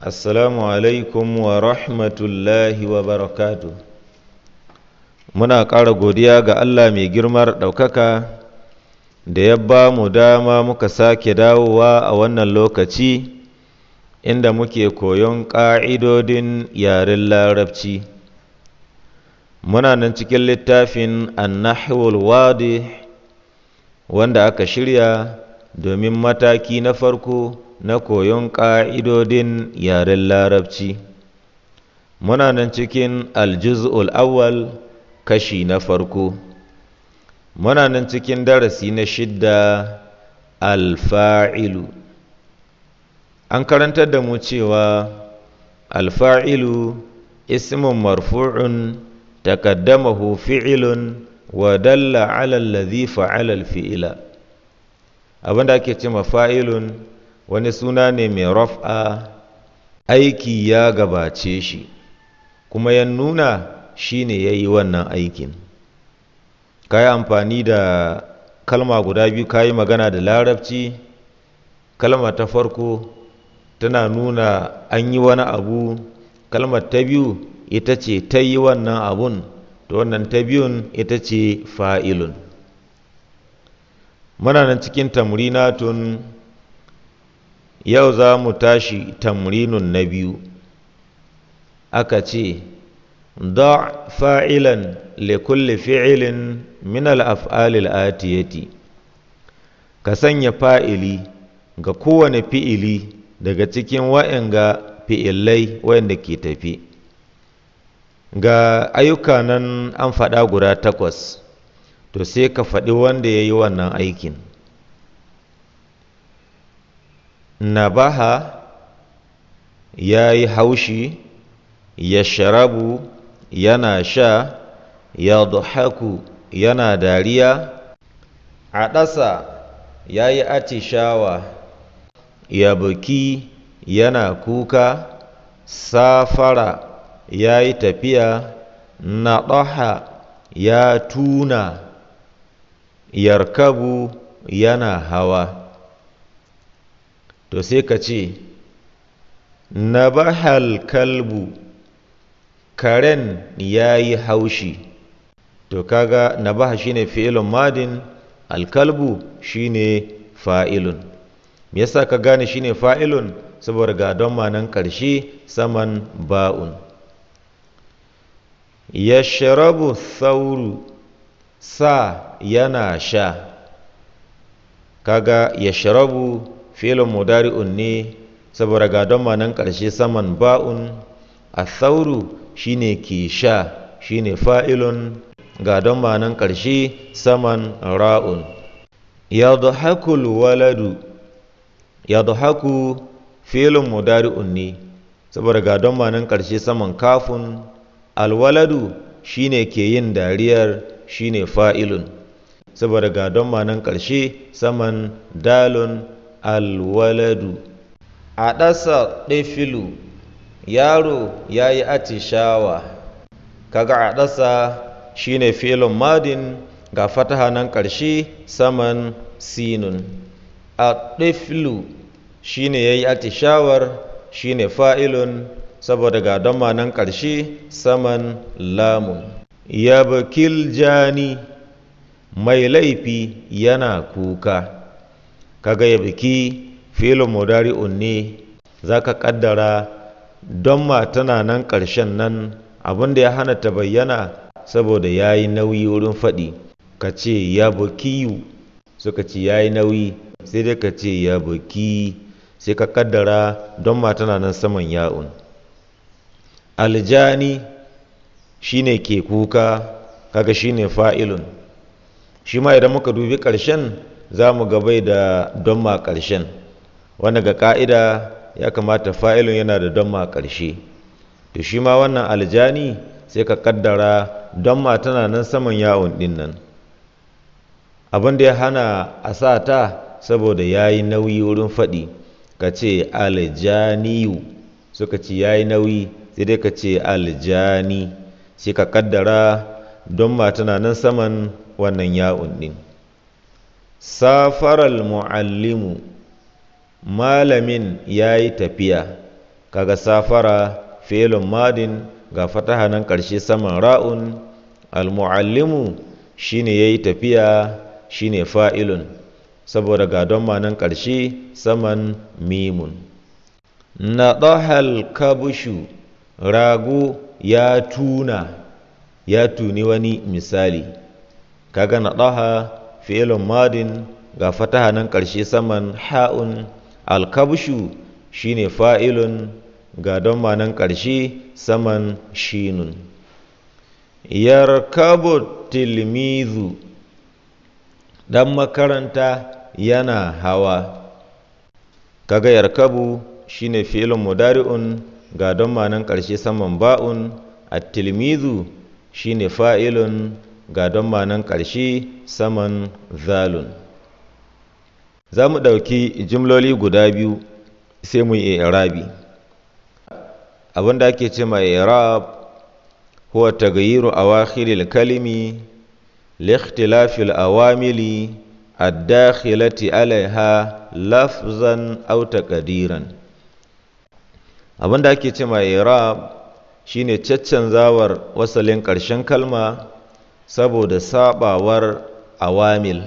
assalamu alaikum wa rahmatullahi wa barakatu muna ƙara godiya ga allah mai girmar ɗaukaka da ya ba mu dama muka sake dawowa a wannan lokaci inda muke koyon ƙa'idodin yaren larabci muna nan cikin littafin annahul wadi wanda aka shirya domin mataki na farko na koyon ƙa'idodin yaren Larabci. Muna nan cikin aljuz'ul awwal kashi na farko. Muna nan cikin darasi na shidda alfa'ilu. An karanta da mu cewa alfa'ilu ismin marfu'un takaddamahu fi'ilun wa dalla alal fa’alal fiila abin da ake ce fa'ilun wani suna ne mai raf'a aiki ya gabace shi kuma ya nuna shi ne ya yi wannan aikin ka yi amfani da kalma guda biyu ka yi magana da larabci kalma ta farko tana nuna an yi wani abu kalmar ta biyu ita ce ta yi wannan abun to wannan ta biyun ita ce fa'ilun muna nan cikin tun yau za mu tashi tamrinun na biyu aka ce da fa'ilan likulli fi'ilin min al'af'alil atiyati ka sanya fa'ili ga kowane fi'ili daga cikin ga fi'ilai wa'yanda ke tafi ga ayyuka nan an faɗa guda takwas to sai ka faɗi wanda ya yi wannan aikin nabaha ya yi haushi ya sharabu yana sha ya duhaku yana dariya a ɗasa ya yi atishawa ya buki yana kuka safara ya yi tafiya na ɗaha ya tuna yarkabu yana hawa to sai ka ce nabahal kalbu karen ya yi haushi to kaga na shi ne fi'ilun madin alkalbu ne fa'ilun me yasa ka gane shi ne fa'ilun saboda ga don manan ƙarshe saman ba'un Ya yashrabu sauru sa yana sha kaga ya sharabu filin mudari'un ne saboda ga don manan ƙarshe saman ba'un a sauru shine ke sha shi ne fa'ilun ga don manan ƙarshe saman ra'un ya haku waladu ya haku filin mudari'un ne saboda ga don manan ƙarshe saman kafin alwaladu shi ne ke yin dariyar shine fa'ilun saboda ga don manan ƙarshe saman dalun alwaladu a ɗasa ɗefilu yaro ya yi atishawa kaga a ɗasa shine filin madin ga fataha nan ƙarshe saman sinun a ɗefilu shine ya yi atishawar shine fa'ilun saboda ga don manan ƙarshe saman lamun yabkil jani mai laifi yana kuka kaga yabki modari unni za ka kaddara don ma tana nan ƙarshen nan abin da ya hana ta bayyana saboda ya yi nauyi wurin faɗi ka ce yabkiyu suka ce ya yi nauyi sai dai ka ce yabki sai ka kaddara don ma tana nan saman ya'un aljani shine ke kuka kaga shine fa'ilun shi ma idan muka dubi ƙarshen za mu gabai da don ma ƙarshen wanda ga ƙa'ida ya kamata fa'ilun yana da don ma ƙarshe to shi ma wannan aljani sai ka ƙaddara don ma tana nan saman yawon ɗin nan abin da ya hana a sa ta saboda ya yi nauyi wurin faɗi ka ce aljaniyu suka ce ya yi nauyi sai dai ka ce aljani shi ka kaddara don ma tana nan saman wannan ya'un ɗin safaral mu'allimu malamin ya yi tafiya kaga safara felon madin ga fataha nan ƙarshe saman ra'un almu'allimu shi ne ya yi tafiya shine fa'ilun saboda ga don ma nan ƙarshe saman mimun na ɗahal kabushu rago ya tuna ya tuni wani misali kaga na ɗaha fi'ilun madin ga fataha nan ƙarshe saman ha'un alkabshu shine fa'ilun ga don nan ƙarshe saman shinun yarkabu tilmizu ɗan makaranta yana hawa kaga yarkabu shine fi'ilun mudari'un ga don manan ƙarshe saman ba'un a tilmizu shine fa'ilun ga don manan ƙarshe saman zalun za mu ɗauki jimloli guda biyu sai mu yi irabi abin da ake ce mai irab huwa tagayiru awakhiril kalimi likhtilafil awamili dakhilati alaiha lafzan auta ƙadiran abin da ake ce ma irab shine caccanzawar wasalin ƙarshen kalma saboda sabawar awamil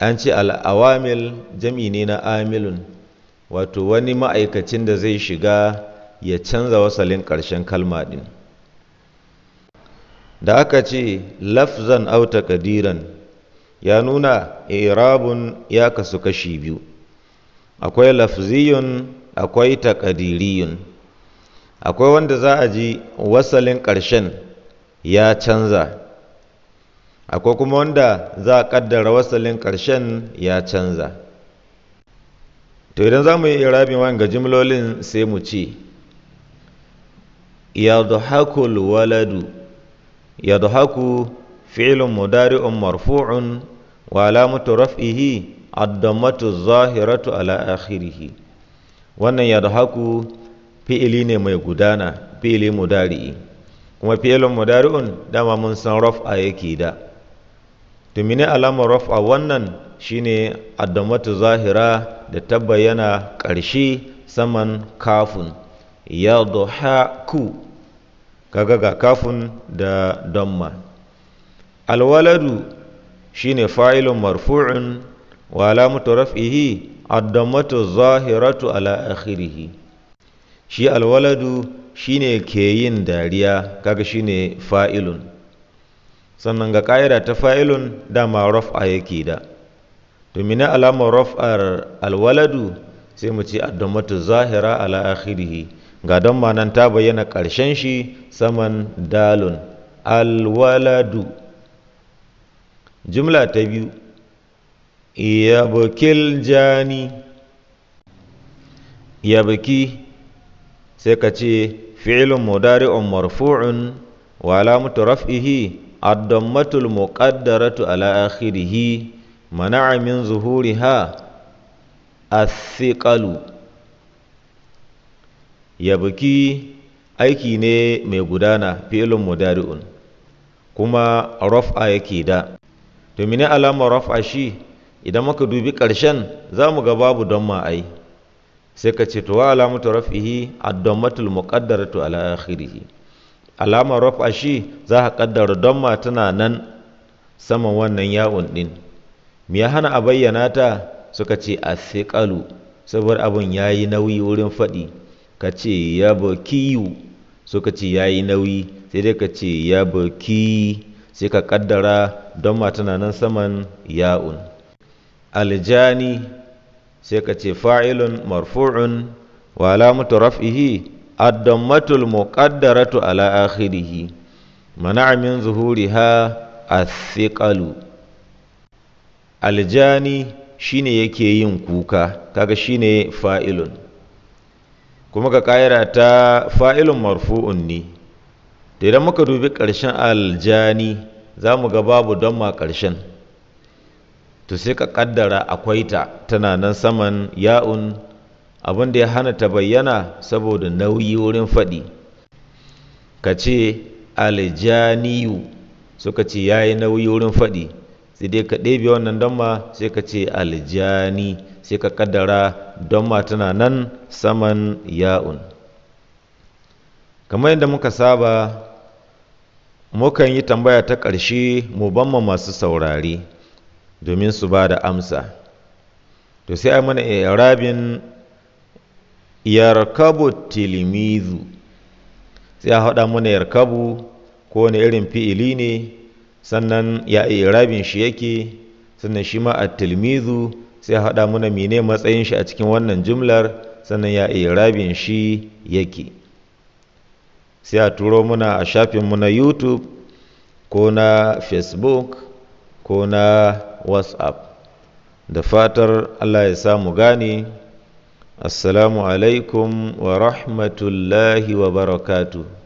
an ce al'awamil jami ne na amilun wato wani ma'aikacin da zai shiga ya canza wasalin ƙarshen kalma ɗin da aka ce lafzan auta kadiran ya nuna irabun ya kasu kashi biyu akwai lafziyun akwai takadiriyun. akwai wanda za a ji wasalin ƙarshen ya canza akwai kuma wanda za a ƙaddara wasalin ƙarshen ya canza to idan za mu yi irabin ga jimlolin sai mu ce ya waladu ya filun mudari'un marfu'un wa alamatu raf'ihi الضمة الظاهرة على آخره wannan haku fi'ili ne mai gudana fi'ili mudari'i kuma fi'ilin mudari'un dama mun san raf'a yake da to mene alamar raf'a wannan shine addamatu zahira da ta bayyana ƙarshe saman kafun yadhaku kaga ga kafun da damma alwaladu shine fa'ilun marfu'un wa alamatu raf'ihi addamatu zahiratu ala akhirihi shi alwaladu shine ke yin dariya kaga shine fa'ilun sannan ga ƙa'ida ta fa'ilun dama raf'a yake da to mina alamar raf'ar alwaladu sai mu ce addamatu zahira ala akhirihi ga don manan ta bayyana ƙarshen shi saman dalun alwaladu jumla ta biyu yabkil jani yabki sai ka ce fi'lun mudari'un marfu'un wa alamatu raf'ihi addammatul muƙaddaratu al-muqaddaratu ala akhirih mana'a min zuhuriha athiqalu yabki aiki ne mai gudana fi'lun mudari'un kuma raf'a yake da to mene alamar raf'a shi idan muka dubi ƙarshen za mu ga babu don ma'ai sai ka ce tuwa alamatu rafihi addommatul muqaddaratu ala akhirih alamar rafa shi za ka kaddara don ma tana nan saman wannan yawon ɗin? me ya hana a bayyana ta suka ce a thiqalu saboda abun yayi nauyi wurin faɗi ka ce ya bakiyu suka ce yayi nauyi sai dai ka ce ya baki sai ka ƙaddara don ma tana nan saman ya'un aljani sai ka ce fa'ilun marfu'un wa alamatu raf'ihi addammatul muqaddaratu ala akhirih zuhuri ha a tsikalu aljani shine yake yin kuka kaga shine fa'ilun kuma ka ƙayyara ta fa'ilun marfu'un ne idan muka dubi ƙarshen aljani za mu ga babu don ma ƙarshen to sai ka kaddara akwai ta tana nan saman ya'un abin da ya hana ta bayyana saboda nauyi wurin faɗi ka ce aljaniyu suka ce ya yi nauyi wurin faɗi sai dai ka ɗebe wannan don ma sai ka ce aljani sai ka kaddara don ma tana nan saman ya'un kamar yadda muka saba mukan yi tambaya ta ƙarshe mu ban masu saurare domin su ba da amsa to sai a mana irabin yarkabu Tilmizu. sai a haɗa mana yarkabu ko wani irin fi'ili ne sannan ya irabin shi yake sannan shi ma a tilmizu sai a haɗa mana mene matsayin shi a cikin wannan jumlar sannan ya irabin shi yake sai a turo muna a shafin mu na youtube ko na facebook ko na whatsapp da fatar allah ya samu gane assalamu alaikum wa rahmatullahi wa barakatuh